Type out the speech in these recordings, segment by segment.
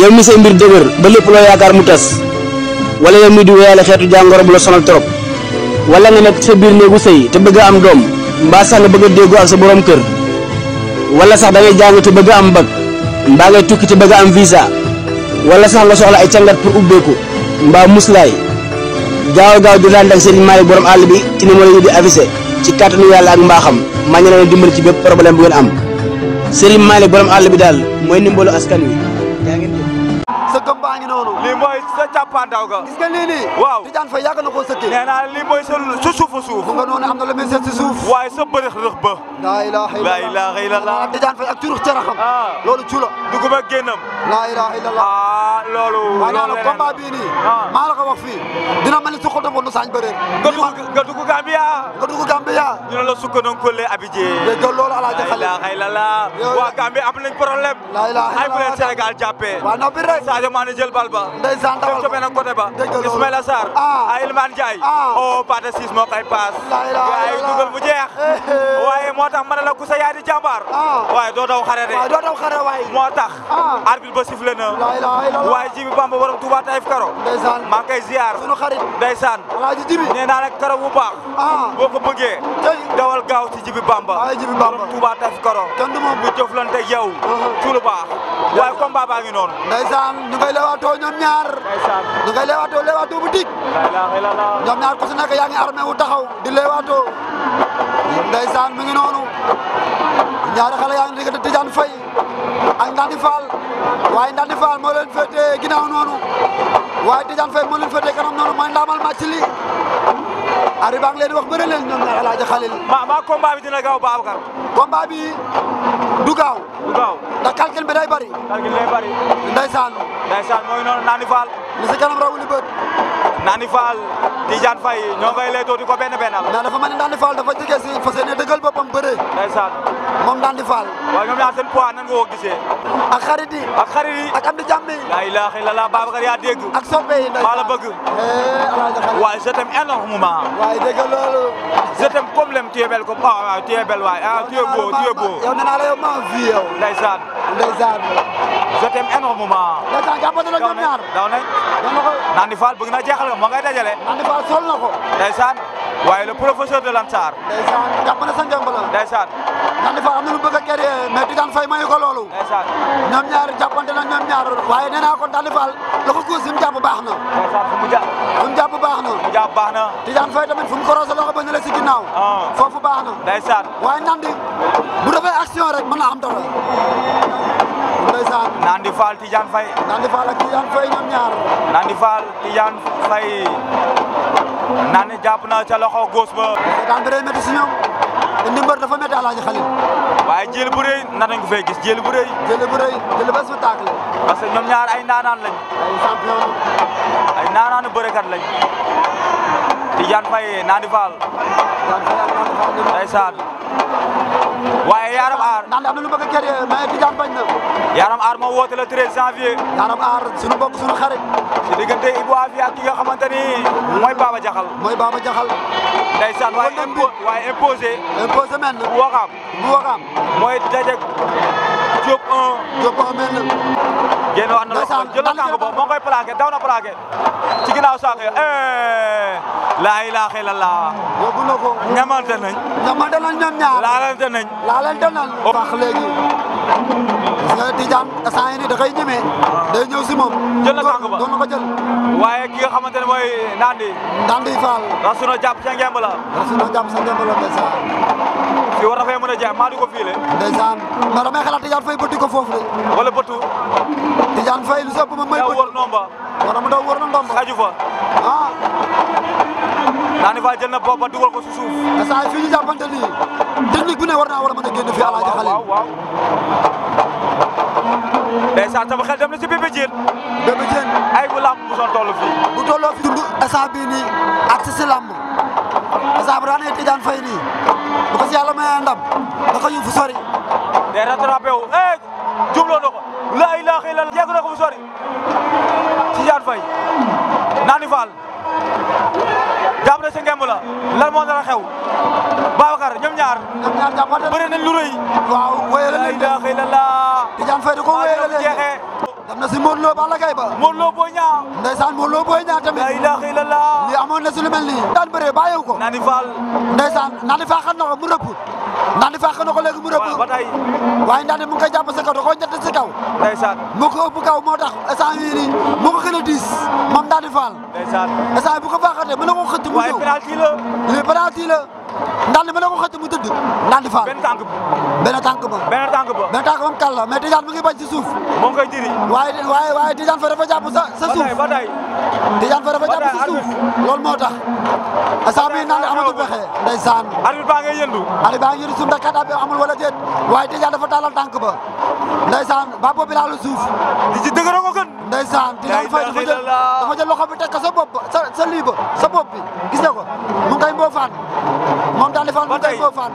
yow mi say mbir dëgër ba lépp loo yaakaar mu tas wala yow mi di wéyale xeetu jàngoro bu la sonal trop wala nga nekk sa biir néegu sëy te bëgg am doom sax nga bëgg ak sa borom kër wala sax da ngay jàng te bëgg am ngay tukki te bëgg am visa wala sax nga soxla ay cangat pour ubbeeku mbaa muslaay gaaw gaaw di daan ak sëriñ Maalik borom àll bi ci ni mu la di avisé ci kàttanu yàlla ak mbaaxam maa ngi leen dimbali ci bépp problème bu am borom bi askan wi yaa ngi nii. sa gëm baa ngi noonu. lii mooy sa càppaandaw ga. gis nga lii nii. waaw Tidiane Faye yàgg na koo sëkkee. lii mooy sa sa suufu suuf. mu nga noonu am na lu muy seet si suuf. waaye sa bërëx rëx ba. laa ilaaha illallah Tidiane Faye ak curux caraxam. Ah. loolu cu la. dugub ak génnam. laa ilaaha illallah. Ah. Ah, waaw loolu waaw non non combat bii nii ah. maa la ko wax fii dina mel ni su xoto nu saañ bëree nga dugg Gambia nga dugg Gambia dina la sukka noon kolle Abidjan dégg nga loolu alaaji xale ay la la waa Gambia am nañ problème ay bu leen Sénégal jàppee waaw noppi rek Sadio Mané jël bal ba ndeysaan dawal ko benn côté ba Ismaïla Sarr ay ah. Iliman Ndiaye oh Pathé Ciss moo koy paas waaye dugal mu jeex waaye moo tax ma ne la ku sa yaay di jàmbaar waaye doo daw xare de doo daw xare waaye moo tax arbitre ba sifflé na waaye jibi bamba borom Touba Taïf Karo ndeysaan maa ngi koy ziar sunu xarit ndeysaan alaaji jibi nee naa nag karo bu baax ah. boo ko bëggee dawal gaaw ci jibi bamba borom Touba Taïf Karo bu jëflante yow uh-huh. ci lu baax waaye combat baa ngi noonu ndeysaan ñu ngay lewaatoo ñoom ñaar ñu ngay lewaatoo lewaatoo bu dik ñoom ñaar ku si nekk yaa ngi armé wu taxaw di lewaatoo ndeysaan mi ngi noonu ñaari xale yaa ngi diggante Tidiane Faye ak Ndandi Fall waaye Ndandi Fall moo leen féetee ginnaaw noonu waaye Tidiane Faye moo leen féetee kanam noonu mooy ndaamal màcc li Ari baa ngi leen wax bëri leen ñoom ñaar El Hadj Khalil. ma ma combat bi dina gaaw Babacar. combat bi du bi day bari. calcul day bari. ndeysaan. ndeysaan mooy noonu Ndandi Fall. li si kanam rawuli bët. Ndandi Fall Tidiane Faye ñoo ngay lay toog di ko benn bennal. dafa mel Ndandi Fall dafa jege si fas yéene bëre. ndeysaan moom daan di faal. waaw ñoom ñaar seen poids nan nga ko gisee. ak xarit yi ak xarit yi ak am di jàmm yi. laa ilaaha illallaah Babacar yaa dégg. ak soppe yi ndeysaan maa bëgg. Eh, waaye je t'aime énormément. waaye dégg loolu. lem tu es belle comme ah waaw tu waay ah tu es beau tu es beau. la yow maa vie yow. ndeysaan. ndeysaan. je t'aime énormément. ndeysaan jàppante la ñoom ñaar daw nañ daw nañ. naan di faal bëgg na jeexal nga moo ngay dajale. naan di faal sol na ko. ndeysaan waaye le professeur de l'Ansar. ndeysaan jàpp na sa njëmb la. ndeysaan. Nandi Fall am na lu bëgg a kéré mais Tidiane Faye mayu ko loolu. ndeysaan ñoom ñaar jàppante na ñoom ñaar waaye nee naa ko Nandi Fall la ko guus si baax na. ndeysaan fu baax na. mu jàpp baax na. Tidiane Faye tamit fu mu korose loxo ba ñu la si ah. foofu baax na. ndeysaan waaye Nandi bu defee action rek mën na am dara. ndeysaan. Nandi Fall Tidiane Faye. Nandi Fall ak Tidiane Faye ñoom ñaar. Nandi Fall Tidiane Faye. naan jàpp naa ca loxo góos ba. daan bi day métti si ñoom te ndimbal dafa métti Alaaji Xalil. waaye jël bu rëy nan lañ ko fay gis jël bu rëy. jël bu rëy jël ba spectacle. parce que ñoom ñaar ay naanaan lañ. ay champion ay naanaanu bërekat waaye Yaram Aar ndax am na lu bëgg a kéré mais Tidiane bañ na Yaram Aar moo woote le 13 janvier Yaram Aar suñu bokk suñu xarit ci diggante Ibou Afia ak ki nga xamante mooy Baba Jaxal mooy Baba Jaxal ndeysaan waaye waaye imposé imposé men bu waxaam bu waxaam mooy dajeg Diop 1 Diop 1 men génn wax na loxo jël na kàng boobu moo koy plaqué daw na plaqué ci ginnaaw saako yo laa ilaaha illallah. yóbbu na ko. ñamante nañ. ñamante nañ ñoom ñaar. laalante nañ. laalante nañ. Oh. wax léegi. parce que Tidiane instant yii da koy ah. day ñëw si moom. jël na tànk ba doon na ko jël. waaye ki nga xamante ne mooy Ndandi. Ndandi Fall. Rassouna jàpp sa ngemb la. Rassouna jàpp sa ngemb la fi war na fay a jeex maa di ko fiile. ndeysaan mais damay xalaat Tidiane Faye bëtti ko foofu de. wala bëttu. Tidiane Faye lu sëpp ma may bëtt. daa wër nomba. wala mu xaju fa. Ah. Nandy Fall jël na bopp ba dugal ko si suuf. te saa yi fii ñu jàppante nii technique bu ne war naa war a mën a génn fii Alaaji Xalil. waaw waaw ndeysaan dem na si Bébé Diène. ay bu làmb bu son toll fii. bu tolloo fii dund instant bii nii ak si si làmb instant bi daan la ilaha illallah yegg na lan moo dara xew Babacar ñoom ñaar bëri nañ lu rëy waaw wéyal nañ la ilaha illallah Tidiane Faye da ko wéyal jeexee am na si Modou Lo Balla Gaye ba Modou Lo Boy Niang ndeysaan Modou Lo Boy Niang tamit la ilaha illallah li amoon na si lu mel ko Nandi Fall ndeysaan Nandi Fall xam na ko mu rëpp Nandi Fall xam na ko léegi mu rëpp ba tey waaye Nandi mu ngi koy kaw da koo ñett si kaw ndeysaan mu ko ëpp kaw moo tax instant yii nii ko gën a diis moom Nandi Fall ndeysaan instant bu ko baaxatee mën na ko xëtt mu ñëw waaye penalty la ndand bi a ko xëcc mu tëdd ndand faal benn tànk benn tànk ba benn tànk ba benn tànk ba mu kàlla mais Tidiane mu ngi bañ ci suuf moo ngi a jiri waaye a waaye a Faye dafa jàpp sa sa suuf ba tey Tidiane Faye dafa jàpp sa suuf loolu moo tax asan bi naan amatul pexe ndeysaan baa ngi yëndu arbitre baa ngi yëndu suuf ndax kàddaa amul wala déet waaye Tidiane dafa taalal tànk ba ndeysaan ba boobu suuf di ci ko gën ndeysaan Tidiane Faye dafa jël dafa jël loxo bi teg ko sa bopp sa sa lii ba sa bopp bi gis nga ko mu ngi koy mboofaan moom daal di fan mu ngi koy mboofaan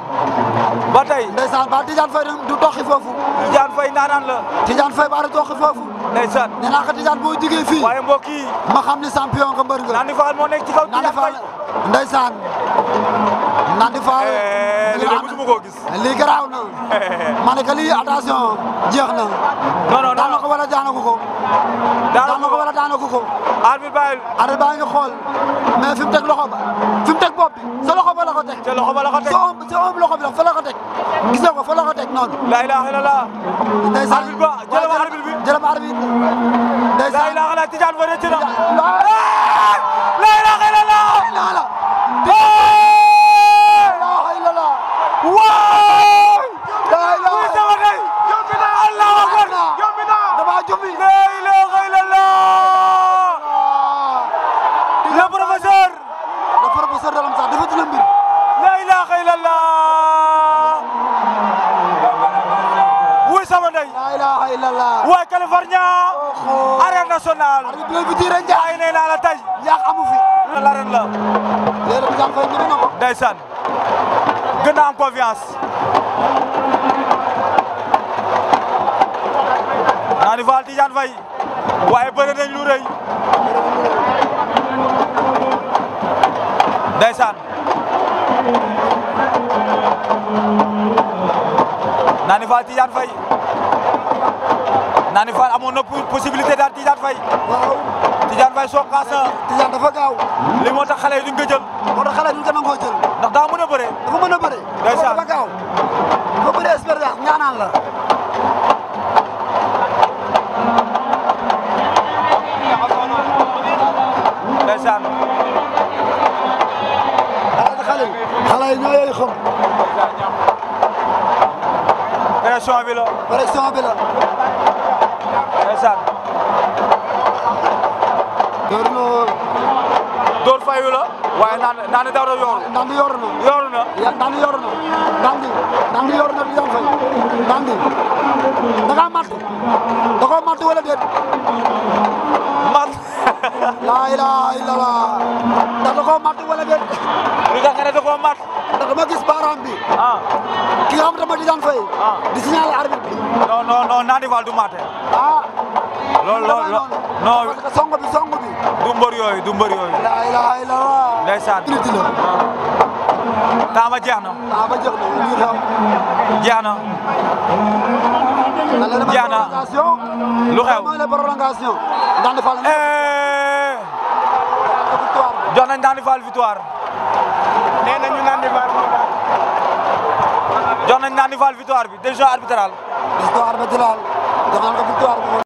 ba tey ndeysaan ba Tidiane Faye du toxi foofu Tidiane Faye naanaan la Tidiane Faye baa du toxi foofu ndeysaan nee naa ko Tidiane boo jigee fii waaye mbokk yi ma xam ne champion nga mbër nga Nandi Fall moo nekk ci kaw Tidiane Faye ndeysaan Nandi Fall lii de musuma koo gis lii garaaw na ma ne que lii attention jeex na non non daan na ko wala daana ko ko daan na ko wala daana ko ko arbitre bàyyil arbitre bàyyi nga xool mais fi mu teg loxo ba fi mu teg bopp bi sa loxo ba la ko teg sa loxo ba la ko teg sa omb loxo bi la fa la ko teg gis nga ko fa la ko teg noonu la ilaha illallah ndeysaan arbitre ba jëlama arbitre bi jëlama arbitre ndeysaan la ilaha illallah Tidiane fa rëcc na loolu bu jiiree Ndiaye. waaye nee naa la tey. fi. la ren la. léegi nag Ndiakhate ñu ne ma ko. ndeysaan gën a am confiance. naa ni Fall Tidiane Faye waaye bëri nañ lu rëy. ndeysaan naa ni Fall Nani Fall amoon na possibilité daal Tidiane Faye. waaw Tidiane Faye soqaas na. Tidiane dafa gaaw. li moo tax xale yi duñ ko jël. moo tax xale yi duñ ko nangoo jël. ndax daa mën a bëree. dafa mën a bëree. ndeysaan dafa gaaw. dafa bëree expérience ñaanaan la. ndeysaan. xale yi xale yi ñoo yooyu xam. pression bi la. pression bi la. ndeysaan door na door fayu la waaye naan naan daw na yoor naan yor na yor na naan yor na naan di naan yor na di fay naan di da ngaa matt da koo matt wala déet matt laa ilaaha illallaah da koo matt wala déet li nga xam ne da koo matt da ma gis programme bi. ah ki nga xam ne mooy Tidiane Faye. ah di signaler arbitre bi. non non non Nandy Fall du maté. ah. loolu loolu non parce que song bi song bi. du mbër yooyu du mbër yooyu. la ilaha illallah. ndeysaan. taama jeex na. taama jeex na lii xew. jeex na. jeex na lu xew. mooy la prolongation. Nandy Fall. Eh. jox nañ Nandy Fall victoire. nee nañu Nandy Fall جون نانيفال فيتو اربي ديجا اربيترال فيتو اربيترال